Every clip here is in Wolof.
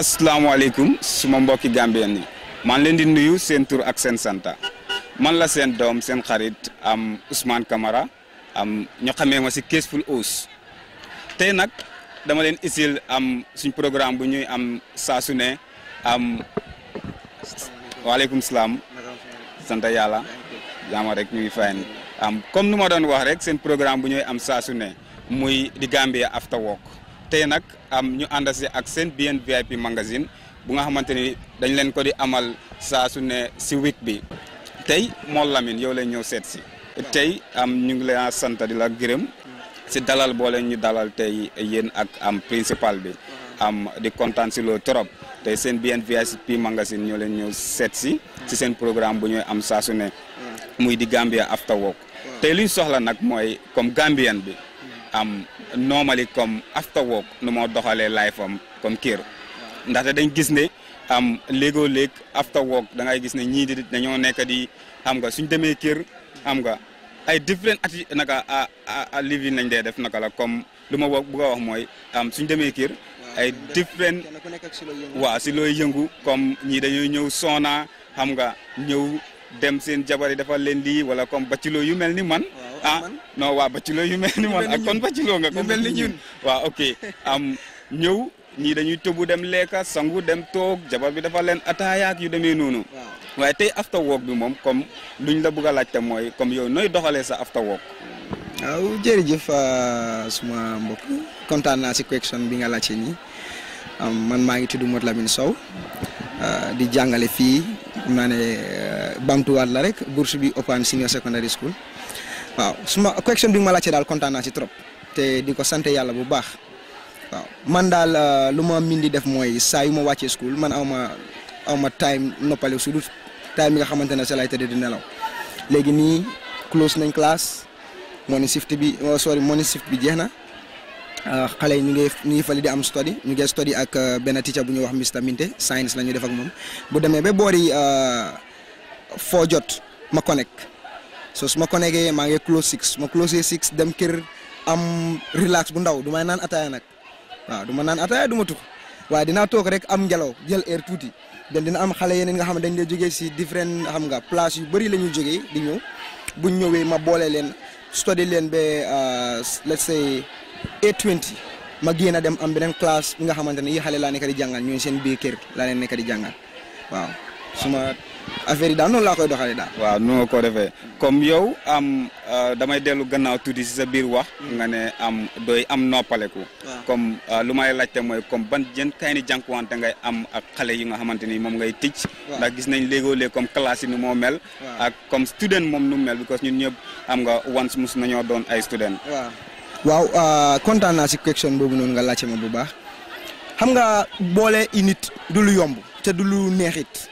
asalaamaaleykum suma mbokk gambien ni man len di nuyu sen tour ak sen santa man la sen sent sen xarit am Usman Kamara. am ñu xamé ma si Keesful os tay nak dama len isil am suñ programme bu ñuy am sa suné am am waaleykum salam. Santa yalla jaama rek ñuy am comme numa ma wax rek sen programme bu ñuy am sa suné muy di Gambia after work tey nag am ñu ànd si ak seen BNVIP magazine bu nga xamante ni dañ leen ko di amal saasu ne si week bi tey Mor lamin yow leen ñëw seet si tey am ñu ngi leen a sant di la gërëm si dalal boo ñu dalal tey yéen ak am principal bi am di kontaan si loolu trop tey seen BNVIP magasine ñoo leen ñëw seet si si seen programme bu ñuy am saa ne muy di Gambia After Work tey li soxla nag mooy comme Gambien bi am normally comme after work nu moo doxalee life am comme kër ndaxte dañ gis ne am léegoo léeg after work da ngay gis ne ñii di dañoo nekk di xam nga suñ demee kër xam nga ay different atti naka a a living nañ dee def naka la comme lu ma bëgg a wax mooy am suñ demee kër ay different waaw si looy yëngu comme ñii dañuy ñëw soona xam nga ñëw dem seen jabar yi defal leen lii wala comme bacilo yu mel ni man. ah non waa bacilo yu mel ni man. ak kon bacilo nga ko mel ni ñun. waa ok am ñëw ñii dañuy tëbu dem lekka sangu dem toog jabar bi defal leen ataayaak yu demee noonu. waaye tey after work bi moom comme luñ la bëgg a laajte mooy comme yow nooy doxalee sa after work. waaw jërëjëf ah, suma mbokk kontaan naa si question bi nga laajte nii man maa ngi tudd Modou Lamine Sow ah, di jàngale fii. naa ne euh, bamtuwaat la rek bourse bi Opan senior secondary school waaw suma question bi nga ma laajte daal kontaan naa ci trop te di ko sant yàlla bu baax waaw man daal euh, lu ma min di def mooy saa yu ma wàccee school man a ma aw ma time noppale su dul time bi nga xamante ne sa lay tëdd di nelaw léegi nii close nañ classe morning shift bi euh, sorry morning shift bi jeex na. Ah, xalé ñu ngi ñu fali di am study ñu ngi study ak ah, ben teacher bu ñu wax Mr Minte science lañu def ak mom bu démé bé bori euh ah, fo jot ma connect so suma connecté ma ngi close 6 ma close 6 dem kër am relax bu ndaw duma nan ataya nak waaw duma nan ataya duma tuk waaye dina tok rek am jalo jël air touti dan dina am xalé yeneen nga xam dañ lay joggé si different xam nga place yu bari lañu joggé di ñew bu ñëwee ma bolé len study len be let's say 820 ma génn a dem am beneen classe bi nga xamante ne yi xale laa nekk di jàngal ñooñu seen biir kër laa leen nekk di jàngal waaw suma affaire yi daal noonu laa koy doxalee daal. waaw nu nga ko defee comme yow am euh, damay dellu gannaaw tuuti si sa biir wax. nga ne am doy am noppaleku. comme euh, lu may laajte mooy comme ban jën kay ni jànkuwante ngay am ak xale yi nga xamante ni moom ngay ticc. ndax gis nañ léegoo léeg comme classe yi nu moo mel. ak comme student moom nu mel because ñun ñëpp am nga once mus nañoo doon ay student. waaw uh, kontaan na si question boobu non nga laccé ma bu baax xam nga bolé init du lu yomb té du lu neexit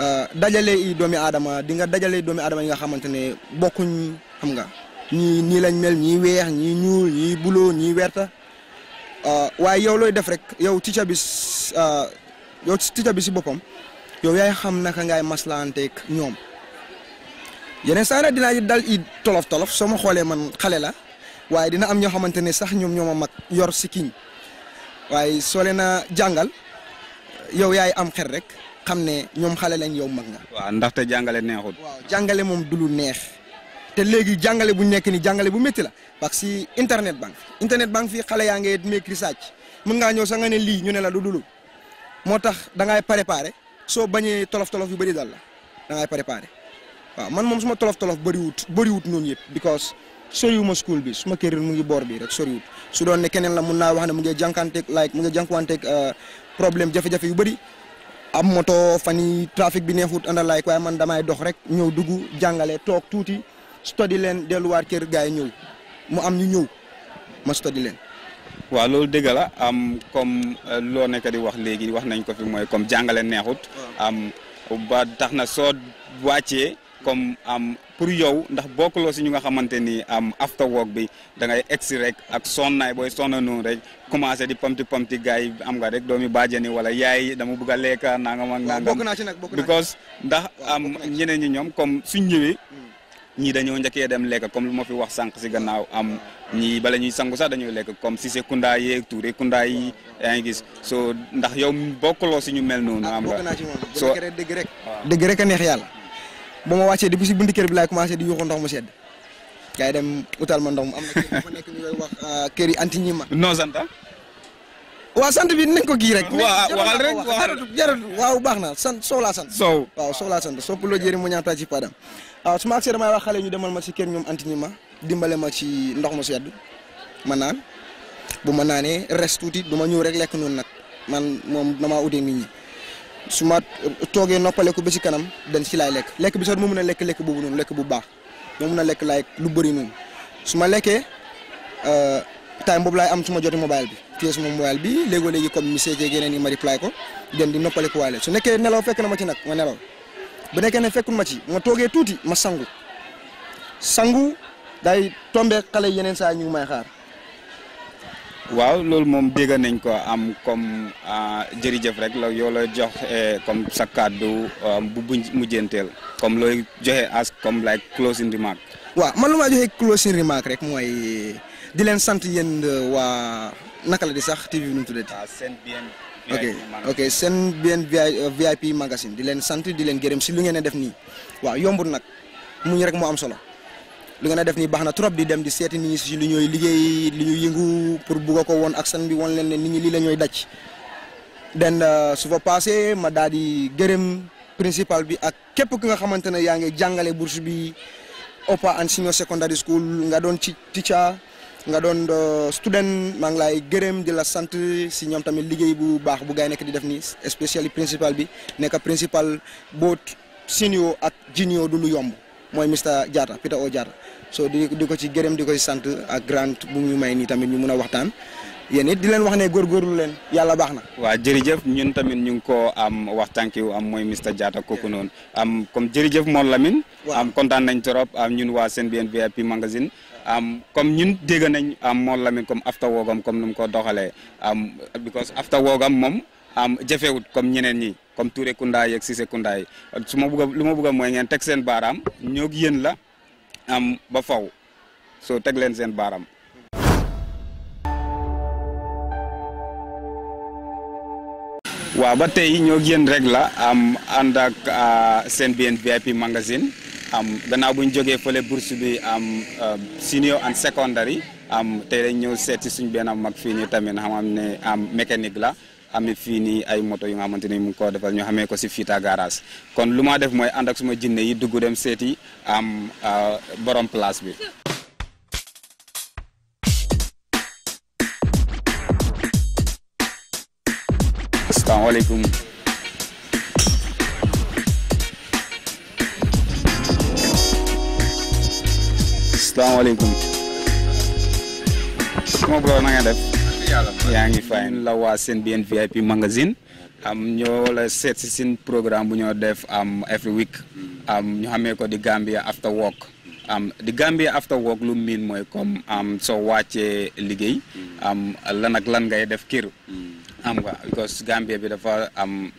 uh, dajalé yi doomi adama di nga dajalé doomi adama nga xamante bokkuñ xam nga ñi nii lañ mel ñi wéx ñi ñuul ñi bulo ñi werta uh, waaye yow loy def rek yow bis euh yow ticha bis si yow yaay xam naka ngaay ak ñom yene saa dina dal i tolof tolof sama xolé man xalé la waye dina am ño xamantene nyom sax ñom ñoma mak yor sikiñ waye soo leen jangal yow yaay am xel rek xam ne xalé lañ yow mak nga. ndax ndaxte jangalé neexul. wa jangalé mom du lu neex te légui jangalé bu ñek ni jangalé bu metti la bak internet bank internet bank fi xale yaa ngi make research mën nga li sa nga ne li ñu ne la du dulu motax da ngay préparer so bañé tolof tolof yu bari dal la da ngay préparer wa man mom suma tolof tolof bari wut yépp because soriwuma school bi suma kër mu ngi bor bi rek soriwut su doon ne keneen la mën naa wax ne mu ngi jankante like mu ngi jànkuwanteeg uh, problème jafe-jafe yu bari am moto fani, trafic bi neexut ànd like waaye man damay dox rek ñëw dugg jàngale toog tuuti study leen delluwaat kër gaa ñëw mu am ñu ñëw ma study leen. waaw loolu dëgg la am comme uh, loo nekk di wax léegi wax nañ ko fi mooy comme jàngale neexut. am ba tax na soo wàccee comme am pour yow ndax bokkuloo si ñu nga am after work bi da ngay egsi rek ak sonnaay booy sonna rek commencé di pamti pamti gars am nga rek doomi bàjjani wala yaay dama bëgg a nangam ak nangam bokk na ci bokk because ndax am ñeneen ñi ñoom comme suñ ñëwee hmm. ñii dañoo njëkkee dem leka comme lu fi wax sànq si gannaaw am ñii bala ñuy sangu sax dañoo leka comme si kunda ye tuure kunda yi yaa ngi gis so ndax yow bokkuloo si ñu mel noonu am nga so dëgg rek dëgg rek neex ba wacce di bisi si buntu kër bi lay commencé di yuuxu ndox mu sedd gay dem utal ma ndox mu am na ma nek ñu wax euh, kër yi anti ñima santa wa sante bi nañ ko gi rek. wa waxal rek wa wa baax na sant Sow laa sant. wa wa Sow laa sant sopp lo jëri mu ñaata ci padam wa suma ma agsee wax xalé ñu demal ma ci kër ñum anti ñima ma ci ndox mu sedd ma naan bu ma naanee res tuuti duma ma rek lek ñun nak man mom dama utee nit ñi. su ma toogee noppaleku ba si kanam den ci laay lekk lekk bi sax du ma mën a lekk lekk boobu noonu lekk bu baax ma mën a lekk laay lu bëri noonu su ma lekkee euh, time boobu laay am su ma joti mobile bi téye suma mobile bi léegoo léegi comme message yeeg yeneen yi ma reply ko den di noppaleku waale su nekkee nelaw fekk na ma ci nag ma nelaw bu nekkee ne fekkul ma ci ma toogee tuuti ma sangu sangu day tombe xale yeneen saa ñu ngi may xaar waaw loolu moom dégg nañ ko am comme ah, jërëjëf rek la yoo la jox eh, comme sa kàddu ah, bu bu mujjanteel comme looy joxe as comme like closing remark. waaw man lu ma joxe closing remark rek mooy di leen sant yéen eh, waa naka la di sax TV bi nu mu tuddati. Ah, Senbiance VIP ok ok bien eh, VIP magazine di leen sant di leen gërëm si lu ngeen def nii waaw yombul nag muñ rek moo am solo li nga def ni baxna trop di dem di seeti nit ñi si li ñoy liggéey li ñu yëngu pour bu ko won ak seen bi won leen ne nit ñi li la ñooy den uh, su fa passé ma gërem principal bi ak képp ki nga yang ya nga ngi bourse bi OPA and senior secondary school nga don ci teacher nga don uh, student mang ngi lay gërem di la sante si ñom tamit liggéey bu baax bu gay nek di def ni spécial principal bi neka principal boot senior ak junior du lu yomb mooy mista jaata Peter O Diatta so di di ko ci gërëm di ko ci sant ak grand bu ñu may nii tamit ñu mun a waxtaan yéen it di leen wax ne góorgóorlu leen yàlla baax na. waaw jërëjëf ñun tamit ñu ngi koo am wax tànk am mooy Mr jaata kooku noonu am comme jërëjëf moom Lamine. waaw am kontaan nañ trop am ñun waa Senbiance VIP magazine. am comme ñun dégg nañ am moom Lamine comme after work am comme nu mu ko doxalee am because after work am moom am jafewut comme ñeneen ñi. comme Touré Kounda yi ak Cissé Kounda yi su lu ma bëgg mooy ngeen teg seen baaram ñoog yéen la am ba faw soo teg leen seen baaram waaw ba tey ñoo yéen rek la am ànd ak ah, Senbiance VIP magazine am gannaaw bu ñu jógee fële bourse bi am euh, senior and secondary am tey dañ ñëw seet si benn mag fii nii tamit xam am ne am mécanique la. amé fini nii ay moto yi nga xamanteni mu ko defal ñu xamé ko si Fita garage kon luma def moy ànd ak suma jinné yi duggu dem séti am euh, borom place bi. Assalamualaikum. asalaamaaleykum. bro na def. yaa ngi fay la waa seen BN VIP magazine am ñoo la seet si seen programme bu ñoo def am every week am ñu xamee ko di Gambia after work am di Gambia after lu miin mooy comme am soo wàccee liggéey am lan ak lan ngay def kër am bi dafa am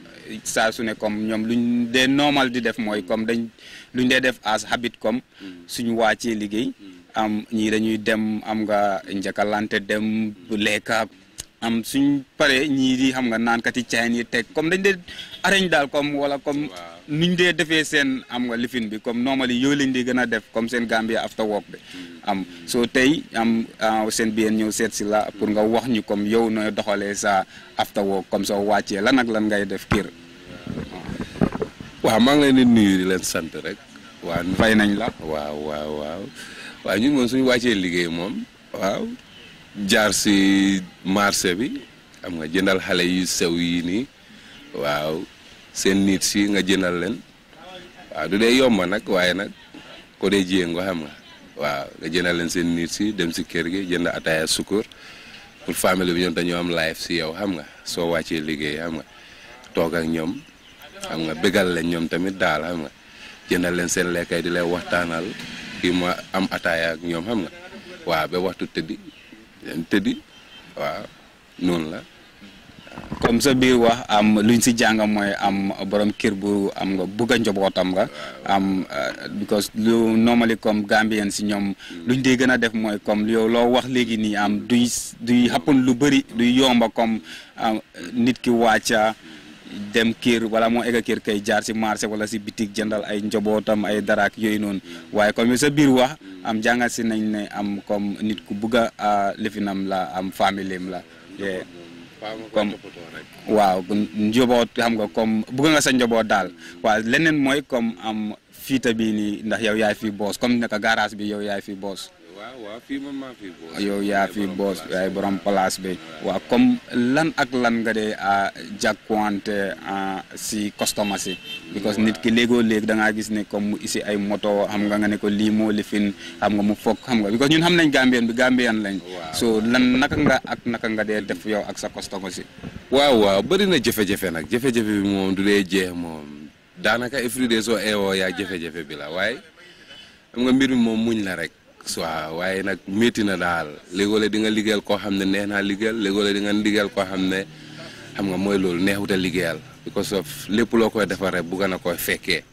saa su ne comme ñoom luñ dee noomal di def mooy comme dañ luñ dee def as habit comme suñu wàccee liggéey am ñii dañuy dem am nga njakalante dem lekka am suñ paree ñii di xam nga naankati caen yi teg comme dañ dee arañ daal comme wala comme nuñ dee defee seen am nga lifin bi comme normally yooyu lañ di gën a def comme seen gambi after work bi hmm. am soo tey am ah, seen biyen ñëw seet si la pour nga wax ñu comme yow nooy doxalee sa after work comme soo wàccee lan ak lan ngay def kër waaw maa ngi leen di leen sant rek waaw fay nañ la waaw waaw waa ñu moom suñu wàccee liggéey moom waaw jaar si marse bi xam nga jëndal xale yu sew yi nii waaw seen nit si nga jëndal leen waaw du dee yomba nag waaye nag ko dee jiyee nga xam nga waaw nga jëndal leen seen nit si dem si kër gi jënd ataaya sukur pour famille bi ñoom dañoo am life si yow xam nga soo wàccee liggéey xam toog ak ñoom xam nga bégal leen ñoom tamit daal xam nga jëndal leen seen lekkay di lay waxtaanal kii ma am ataaya ak ñoom xam nga waaw ba waxtu tëddi leen tëddi waaw noonu la. comme sa biir wax am luñ si jàng mooy am borom kër bu am nga bëgg a nga am euh, because lu normally comme Gambien si ñoom mm. luñ dee gën a def mooy comme loo wax léegi nii am lu bëri comme nit ki wàcca dem kër wala moo egg kër kay jaar si marché wala si bitik jëndal ay njabootam ay daraak yooyu noonu waaye comme sa biir wax am jàngat si nañ ne am comme nit ku bugg a lifinam la am familiem la comme waaw njaboot xam nga comme bugg nga sa njaboot daal waaw leneen mooy comme am fiita bii nii ndax yow yaay fi boos comme naka garage bi yow yaay fi boos yow yaa fi boos ay borom place bi waaw comme lan ak lan nga dee ah, jàkkuwante ah, si customer si because nit ki léegoo léeg da ngaa gis ne comme isi ay moto xam nga nga ne ko lii moo lifin xam nga mu foog xam nga because ñun xam nañ Gambien bi Gambien lañ so lan naka nga ak naka nga dee def yow ak sa customer si waaw waaw bëri na jafe nag jafe-jafe bi du dee jeex moom daanaka every day soo eewoo yaa jafe waaye xam nga mbir mi moom muñ la rek waaw waaye nag métti na daal léegoo di nga liggéeyal koo xam ne neex naa liggéeyal léegoo di nga liggéeyal koo xam ne xam nga mooy loolu neexut a liggéeyal because of lépp loo koy defar rek bugg na koy fekkee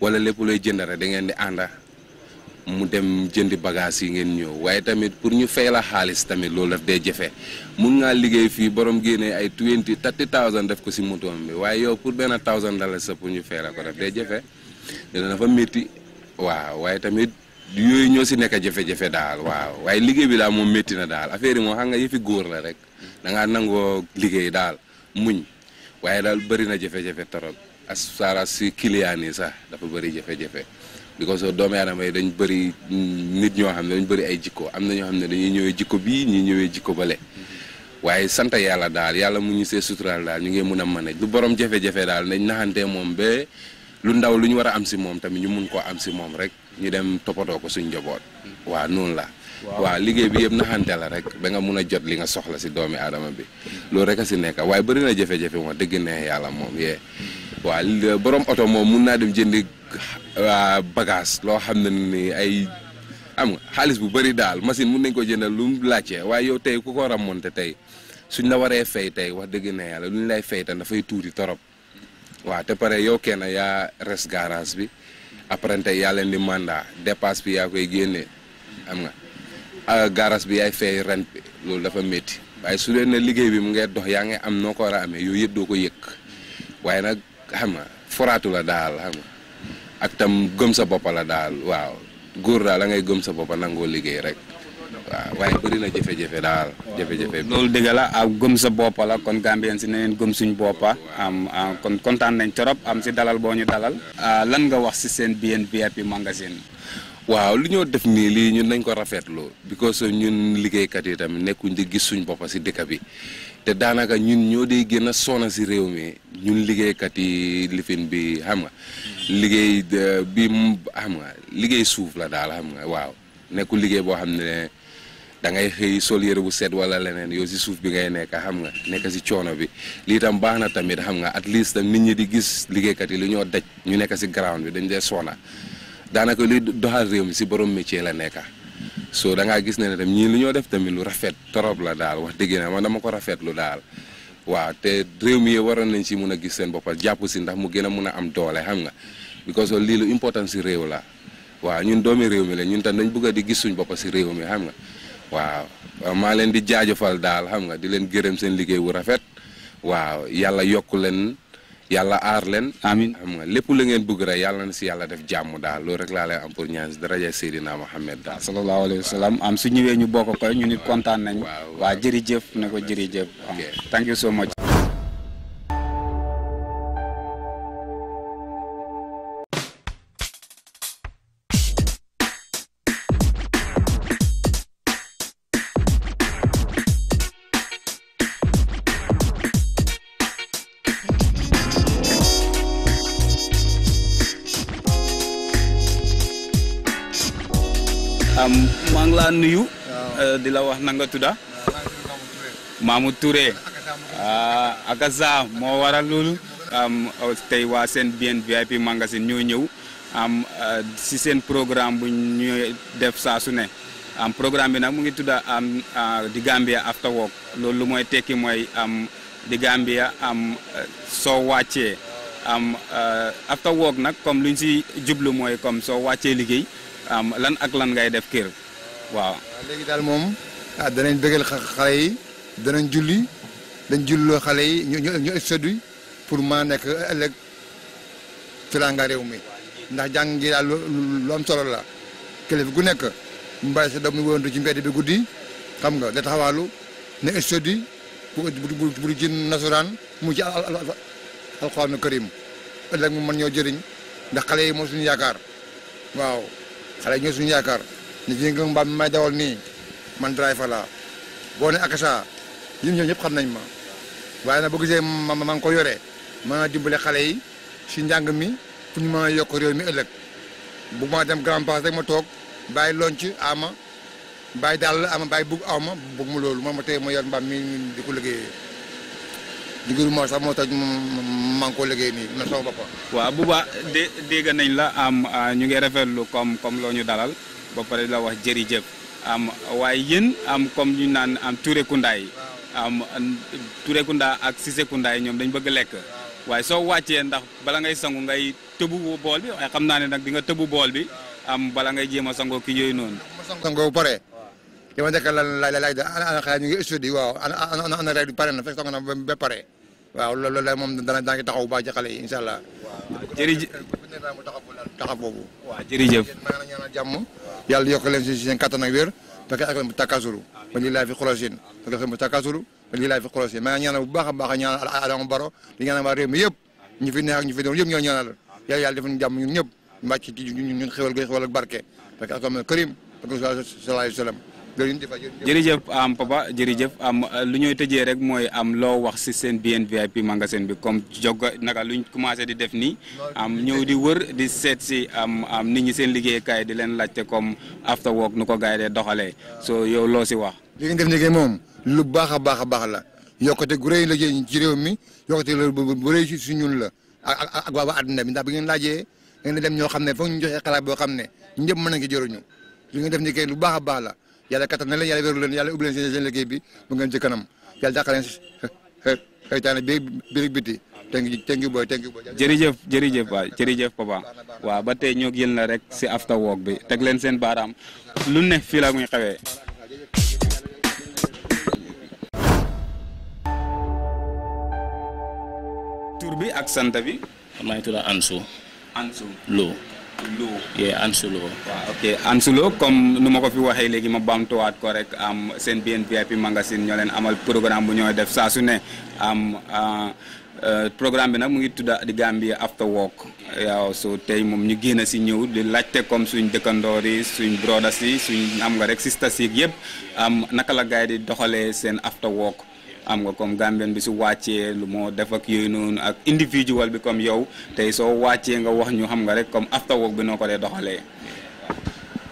wala lépp looy jënd rek da ngeen di ànda mu dem jëndi bagage yi ngeen ñëw waaye tamit pour ñu fay la xaalis tamit loolu daf dee jafe mun ngaa liggéey fii borom génnee ay twenty thirty thousand def ko si motoom bi waaye yow pour benn thousand dollars sa pour ñu fay la ko daf dee jafe dina dafa métti waaw waaye tamit. yooyu ñoo si nekk jafe-jafe daal waaw waaye liggéey bi daal moom métti na daal affaire yi moom xam nga yëfi góor la rek da ngaa nangoo liggéey daal muñ waaye daal bëri na jafe-jafe torop as si client yi sax dafa bëri jafe-jafe because of yi dañ bëri nit ñoo xam ne dañ bëri ay jikko am na ñoo xam ne dañuy ñëwee jikko bii ñuy ñëwee jikko bale waaye sant yàlla daal yàlla mu ñu see suturaal daal ñu ngi mun a manaj lu borom jafe-jafe daal nañ naxante moom ba lu ndaw lu ñu war a am si moom tamit ñu mun ko am si moom rek ñu dem toppatoo ko suñ njaboot. Mm. waa noonu la. waaw liggéey bi yëpp naxante la rek ba nga mun a jot li nga soxla si doomi aadama bi. Mm. loolu rek a si nekk waaye bari na jafe-jafe wax dëgg ne yàlla moom yee. Mm. waaw borom oto moom mun naa dem jëndi bagage loo xam ne ni ay am nga xaalis bu bëri daal machine mun nañ ko jëndal lu mu laajte waaye tey ku ko remonté tey suñ la waree fay tey wax dëgg ne yàlla lu ñu lay fay tan dafay tuuti torop. waaw te pare yow kenn yaa res garage bi. apprenti yaa leen di mandat dépasse bi yaa koy génne xam nga ah, garas bi yaay fay rent bi loolu dafa métti waaye su leen ne liggéey bi mu ngay dox yaa ngi am noo ko war a amee yooyu yëpp doo ko yëg waaye nag xam nga foraatu la daal xam nga ak tam gëm sa bopp la daal waaw góor daal la ngay gëm sa bopp nangoo liggéey rek waaw waaye bëri na jafe-jafe daal jafe loolu dëgg la a gëm sa bopp la kon Gambien si neneen gëm suñ boppa am kon kontaan nañ trop am si dalal boo ñu dalal lan nga wax si seen BNVIP magazine waaw li ñoo def nii lii ñun nañ ko rafetlu because ñun liggéeykat yi tamit nekkuñ di gis suñ boppa si dëkk bi te daanaka ñun ñoo dee gën a sonn si réew mi ñun liggéeykat yi lifin bi euh, xam nga liggéey suuf la daal xam nga waaw nekkul liggéey boo xam ne da ngay xëy sol yére bu set wala leneen yow si suuf bi ngay nekk xam nga nekk si coono bi lii tam baax na tamit xam nga at least tam nit ñi di gis liggéeykat yi lu ñoo daj ñu nekk si ground bi dañ dee soona daanaka luy doxal réew mi si borom métier la nekk so da ngaa gis ne ne tam ñii lu ñoo def tamit lu rafet torop la daal wax dëgg na man dama ko rafetlu daal waaw te réew mi waroon nañ si mun a gis seen boppal jàpp si ndax mu gën a mun a am doole xam nga because lii lu important si réew la waaw ñun doomi réew mi la ñun tam dañ bëgg di gis suñ bopp si réew mi xam nga waaw maa leen di jaajëfal daal xam nga di leen gërëm seen liggéey bu rafet waaw yàlla yokk leen yàlla aar leen. amiin xam nga lépp lu ngeen bugg rek yàlla na si yàlla def jàmm daal loolu rek laa leen am pour ñaan si daraja Seydina Mohamed daal. sallallahu alayhi wa sallam am su ñëwee ñu bokk ko ñu nit kontaan nañ. waa waaw jërëjëf na ko jërëjëf. ok thank you so much. maa ngi laa nuyu. Euh, di la wax nanga tudda Mamou turee ah Akaza moo waral loolu. Euh, tey waa seen BNVIP magazine ñoo ñëw am euh, si seen programme bu ñu def saa su ne am programme bi nag mu ngi tudda am di Gambia after work loolu mooy tekki mooy am di Gambia am soo wàccee am after work nag comme lu ñu si jublu mooy comme soo wàccee liggéey am lan ak lan ngay def kër. waaw léegi daal moom ah, danañ bëggal xale yi danañ julli dañ julloo xale yi ñu ñu ñu pour ma nekk ëllëg filanga réew mi ndax jàng gi daal lu am solo la kilifa gu nekk mu sa doom mu wëndu ci mbedd bi guddi xam nga da taxawaalu ne étudi bu bu bu ci nasaraan mu ci alxuraanu karim ëllëg mu ñoo jëriñ ndax xale yi moo suñu yaakaar waaw xale yi ñoo suñu yaakaar ni ji nga mbaam mi may dawal nii man driver laa boo ne akasa yi ñoom ñëpp xam nañ ma waaye nag boo gisee ma ma ko yore ma a dimbale xale yi si njàng mi pour ñu mën yokk réew mi ëllëg bu ma dem grand pass rek ma toog bàyyi lonc ama bàyyi daal ama bàyyi bugg aw ma bugg mu loolu moom ma tey ma yor mbaam mi di ko liggéeyee diguru moo sax moo tax maa ngi ko liggéey nii ma sama boppam. waa bu baax dé dégg nañ la am ah, ñu ngi rafetlu comme comme loo ñu dalal. ba pare la wax jeuf am way yeen am comme ñu nan am Touré Kounda am Touré Kounda ak Cissé Kounda yi ñoom dañ bëgg lek way so wàccee ndax bala ngay sangu ngay tëbu bol bi waaye xamna ne di nga tebu bol bi am bala ngay jema a sangoo ki yooyu noonu. sangoo bu paree. dama njëkk la laaj da ana ana xale ñu ngi estudi waaw ana ana ana rek pare na fek sangu na ba pare waaw loolu la mom dana daa ngi taxaw ba ci xalé inshallah taxaw boobu. waaw jërëjëf maa ngi ñaanal jàmm. yàlla yokk leen si seen kattan ak wér. parce que ak leen bu takkasuru. ba lii laay fi xulóosiin. parce que bu takkasuru ba lii laay fi xulóosiin maa ngi ñaanal bu baax a baax a ñaanal Adama Baro di ñaanal waa réew mi yëpp. ñu fi neex ak ñu fi doon yëpp ñoo ñaanal yàlla yàlla defal ñu jàmm ñun ñëpp. mbàcc ci ñun ñun xéwal gi xéwal ak barke. parce que ak karim sallallahu alayhi wa sallam jërëjëf am papa jërëjëf am lu ñuy tëjee rek mooy am loo wax si seen BNVIP magasin bi comme jog naka luñ commencé di def nii am ñëw di wër di seet si am am nit ñi seen liggéeykaay di leen laajte comme after work nu ko gars yi doxalee soo yow loo si wax li ngeen def liggéey moom lu baax a baax a baax la yokkate gu rëy la ci réew mi yokkate loolu bu rëy si si ñun la ak ak waa àdduna bi ndax bi ngeen laajee ngeen dem ñoo xam ne foog ñu joxee xalaat boo xam ne ñëpp mën nañ ko jëriñu li ngeen def lu baax a baax la yalla katan na leen yalla wéru leen yàlla ubbi leen seen liggéey bi bu ngeen ci kanam yalla dàqal leen xëytaane bi birik biti tengi boy jeri jeuf jeri jeuf ba jeri jeuf papa wa ba tay ñok yel na rek si after work bi tek leen seen baram lu ne fi la muy xewé tour bi ak sant bi maa Ansu Ansu Lo Lowe. yeah Ansu Lowe. comme nu ma ko fi waxee léegi ma bamtuwaat ko rek am seen BNVIP magasin ñoo leen amal programme bu ñooy def saa su ne am. Ah, euh, programme bi nag mu ngi tudda di Gambia after work waaw so tey moom ñu génn si ñëw di laajte comme suñ dëkkandoor yi suñ brodas si suñ am nga rek sisters yi yëpp am naka la gaay di doxalee seen after work am nga comme gambien bi su wàccee lu moo def ak yooyu noonu ak individual bi comme yow tey soo wàccee nga wax ñu xam nga rek comme after work bi noo doxalee.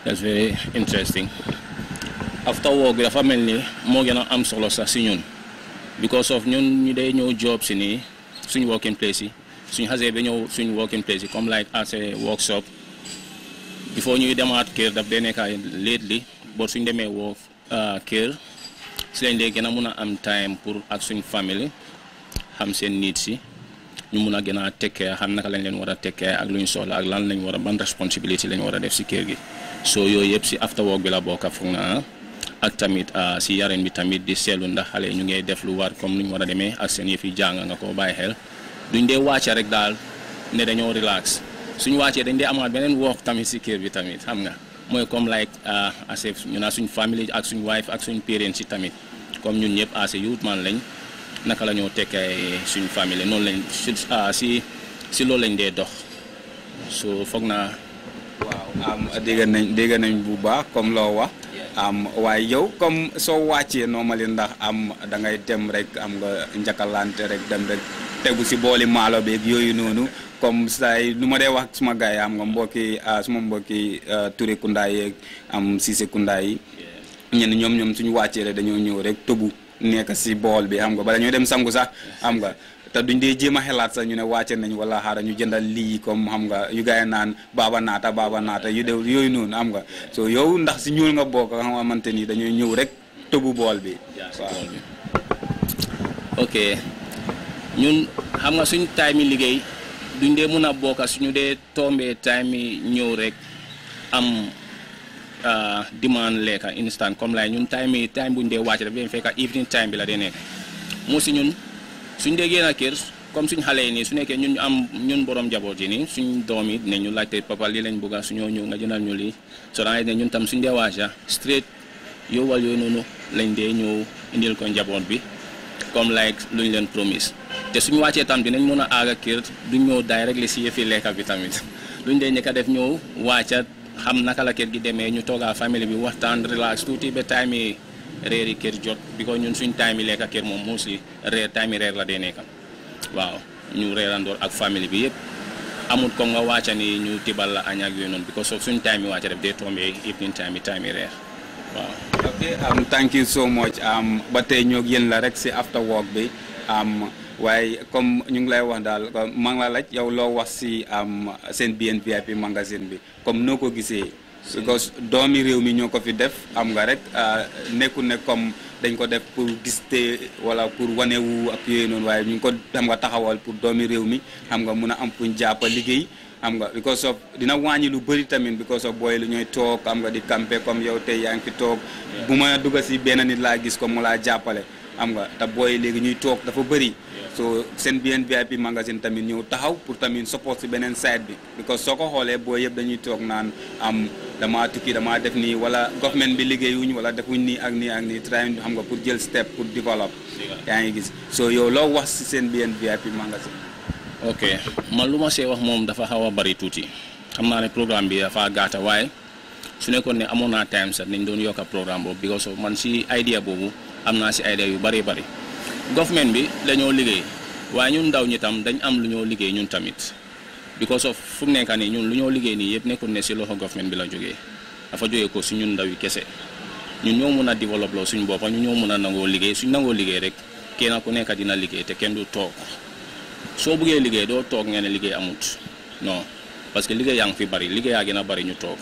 that's very interesting after work dafa mel ni moo gën a am solo sax si ñun because of ñun ñu day ñëw job si nii suñu working place yi suñu xasee ba ñëw suñu working place yi comme like as a workshop before ñuy demaat kër daf day nekk lately boo suñ demee woo ah, kër. si lañ dee gën a mun a am time pour ak suñ famille xam seen niit si ñu mun a gën a tekkee xam naka lañ leen war a tekkee ak lu ñu soxla ak lan lañ war a ban responsibility lañ war a def si kër gi so yooyu yëpp si after work bi la bokk foog naa ak tamit si ah, yaren bi tamit di selu ndax xale ñu ngay def lu war comme lu ñu war a demee ak seen yëf yi jàng nga ko bàyyi xel duñ dee wàcce rek daal ne dañoo relax suñ wàccee dañ dee amaat beneen woox tamit si kër bi tamit xam nga. mooy comme like euh, as ñu naa suñ family ak suñ wife ak suñ parents si tamit comme ñun ñëpp as a youth lañ naka lañoo ñoo tekkee suñ family noonu lañ euh, si si loolu lañ dee dox so foog na waaw dégg nañ dégg nañ bu baax comme loo wax. am waaye yow comme soo wàccee normali ndax am da ngay dem rek am nga njakkalante rek dem rek. tegu si booli maalo bi yooyu noonu comme say nu ma dee wax suma gars yi am nga mbokki ah, suma mbokki ah, Touré Kounda yeeg am Cissé Kounda yi ñenn ñoom ñoom suñu wàccee rek dañoo ñëw rek tëbu nekk si bool bi xam bala ñoo dem sangu sax xam nga te duñ dee jéem a xelaat sax ñu ne wàcce nañ wala xaaral ñu jëndal lii comme xam nga yu gars yi naan baaba naata baaba naata yu dew yooyu noonu xam nga so yow ndax si ñuul nga bokk nga xamante ni dañoo ñëw rek tëbu bool bi waaw ñun xam nga suñ time yi liggéey duñ dee mun a bokka suñu dee tombee time yi ñëw rek am ah, demande lekka instant comme lay ñun time yi time buñ dee wàcc daf dee fekka evening time bi la dee nekk mu si ñun suñ dee génn a kër comme suñ xale yi nii su nekkee ñun am ñun borom jaboot yi nii suñ doom yi ne ñu laajte papa lii lañ bëgga suñoo ñëw nga jëndal ñu lii so dangay ne ñun tam suñ dee wàcc straight yóbbal yooyu noonu lañ dee ñëw indil ko njaboot bi comme like lu ñu leen promise te suñu wàccee tam dinañ mën a aar kër du ñëw daay rek li si yëfi lekka bi tamit lu ñu dee njëkk def ñëw wàcca xam naka la kër gi demee ñu toogaa famille bi waxtaan relax tuuti ba time yi reer yi kër jot bi ko ñun suñ time yi lekka kër moom moo si reer time reer la dee nekkam waaw ñu reerandoor ak famille bi yëpp amul ko nga wàcca ni ñu tibal la añ ak yooyu noonu because of suñ time yi wàcca def dee tombee evening ñu yi time yi waaw ok um, thank you so much um, ba tey ñoo yéen la rek si after work bi um, waaye comme ñu ngi lay wax daal maa la laaj yow loo wax si um, seen BNVIP magazine bi comme noo ko gisee. because doomi réew mi ñoo ko fi def am nga rek uh, nekku ne comme dañ ko def pour giste wala pour wanewu ak yooyu noonu waaye ñu ngi ko xam nga taxawal pour doomi réew mi xam nga mun a am fuñ jàpp a liggéey. xam nga because of dina wàññi lu bëri tamit because of booy lu ñooy toog am nga di campé comme yow tey yaa ngi fi toog bu ma dugga si benn nit laa gis ko mu laa jàppale am nga te booy léegi ñuy toog dafa bëri soo seen BNVIP magasin tamit ñëw taxaw pour tamit support si beneen side bi because soo ko xoolee booy yëpp dañuy toog naan am damaa tukki damaa def nii wala government bi liggéeyuñ wala defuñ nii ak nii ak nii trying xam nga pour jël step pour développer yaa ngi gis so yow loo wax si seen BNVIP magazine ok man lu ma see wax moom dafa xaw a bari tuuti xam naa ne programme bi dafa gaata waaye su nekkoon ne amoon naa time sax nañ doon yokka programme bi because of man si idea boobu am naa si idea yu bari bari government bi dañoo liggéey waaye ñun ndaw ñi tam dañ am lu ñoo liggéey ñun tamit because of fu mu nekka nii ñun lu ñoo liggéey nii yëpp nekkul ne si loxo government bi la jógee dafa jógee ko si ñun ndaw yi kese ñu ñoo mun a développe suñu boppa ñu ñoo mun a nangoo liggéey suñ nangoo liggéey rek kenn ku nekk dina liggéey te kenn du toog soo bëggee liggéey doo toog ngeen ne liggéey amut no parce que liggéey yaa ngi fi bari liggéey yaa gën bari ñu toog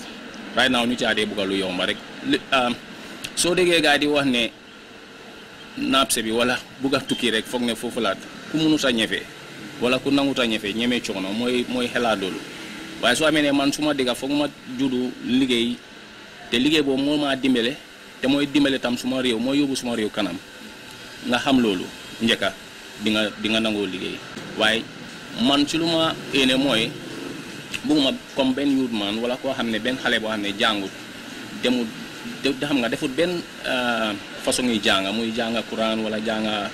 right now ñu caatee bugga lu yomba rek um, soo déggee gaa di wax ne napse bi wala bugg a tukki rek foog ne foofu laat ku munut a ñefe wala ku nangut a ñefe ñeme coono mooy mooy xelaat loolu waaye soo amee ne man su ma dégga foog ma juddu liggéey te liggéey boobu moo maa dimbale te mooy dimbale tam suma réew mooy yóbbu suma réew kanam nga xam loolu njëkka di nga nangoo liggéey waaye man ci lu ma yéene mooy bugguma comme benn yuut man wala koo xam ne benn xale boo xam ne jàngut demut de xam nga defut benn euh, façon yi jànga muy jànga Quran wala jànga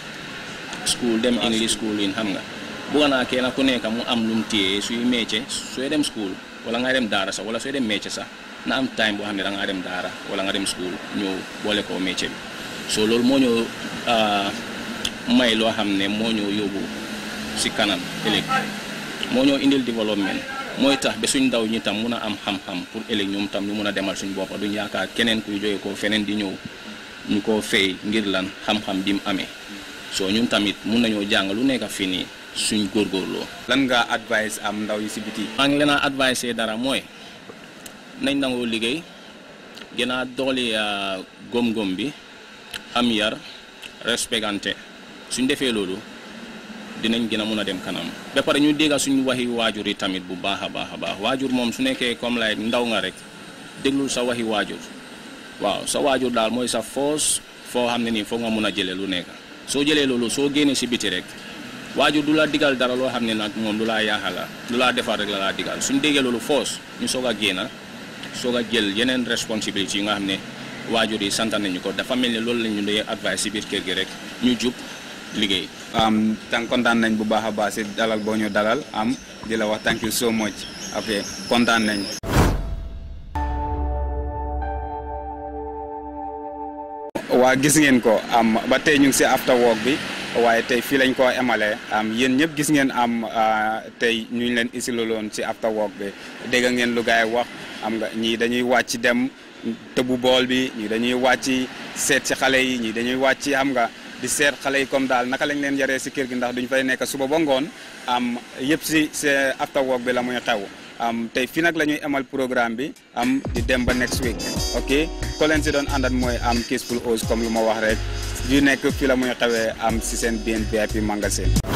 school dem ah, English school yi xam nga bugga naa na ku nekk mu am lu mu téye suy métier sooy dem school wala nga dem daara sax wala sooy dem métier sax na am time boo xam ne da nga dem daara wala nga dem school ñëw boole ko métier bi so loolu moo ñëw euh, may loo xam ne moo ñoo yóbbu si kanam ëllëg moo ñoo indil développement mooy tax ba suñ ndaw ñi tam mun a am xam-xam pour ëllëg ñoom tam ñu mun a demal suñ boppa duñ yaakaar keneen kuy jóge koo feneen di ñëw ñu koo fay ngir lan xam-xam bi mu amee soo ñun tamit mun nañoo jàng lu nekk fii nii suñ góor góorloo lan nga advice am ndaw yi si biti. ak ngi leen a dara mooy nañ nangoo liggéey gën a doole ah, góom-góom bi am yar respectante suñ defee lolu dinañ gëna mëna dem kanam ba paré ñu dégga suñ wahi wajuri tamit bu baaxa baaxa baax wajur mom su nekké comme lay ndaw nga rek déglu sa wahi wajur waaw sa wajur dal moy sa force fo xamné ni fo nga mëna jëlé lu nekk so jëlé lolu so gëné ci biti rek wajur du la digal dara lo xamné nak mom moom du yaaxala du rek la la digal suñ déggé lolu force ñu soga gëna soga jël yenen responsibility nga xamné ne yi dafa melni loolu ñu advice ci biir kër gi rek ñu jup liggéey. am tànk kontaan nañ bu baax a baax si dalal boo ñu dalal am di la wax thank you so much ok kontaan nañ. waa gis ngeen ko am ba tey ñu ngi si after work bi. waaye tey fii lañ ko emale am yéen ñëpp gis ngeen am ah, tey ñu leen leen loon ci after work bi dégg ngeen lu gaay wax am nga ñii dañuy wàcc dem tëbu bool bi ñii dañuy wàcc seet ci xale yi ñii dañuy wàcc am nga di seet xale yi comme daal naka lañ leen yaree si kër gi ndax duñ fay nekk suba ba ngoon am yëpp si si after work bi la muy xew am tey fii nag la ñuy amal programme bi am di dem ba next week ok ko leen si doon àndat mooy am Kiss Full House comme lu ma wax rek yu nekk fii la muy xewee am si seen BNPIP magasin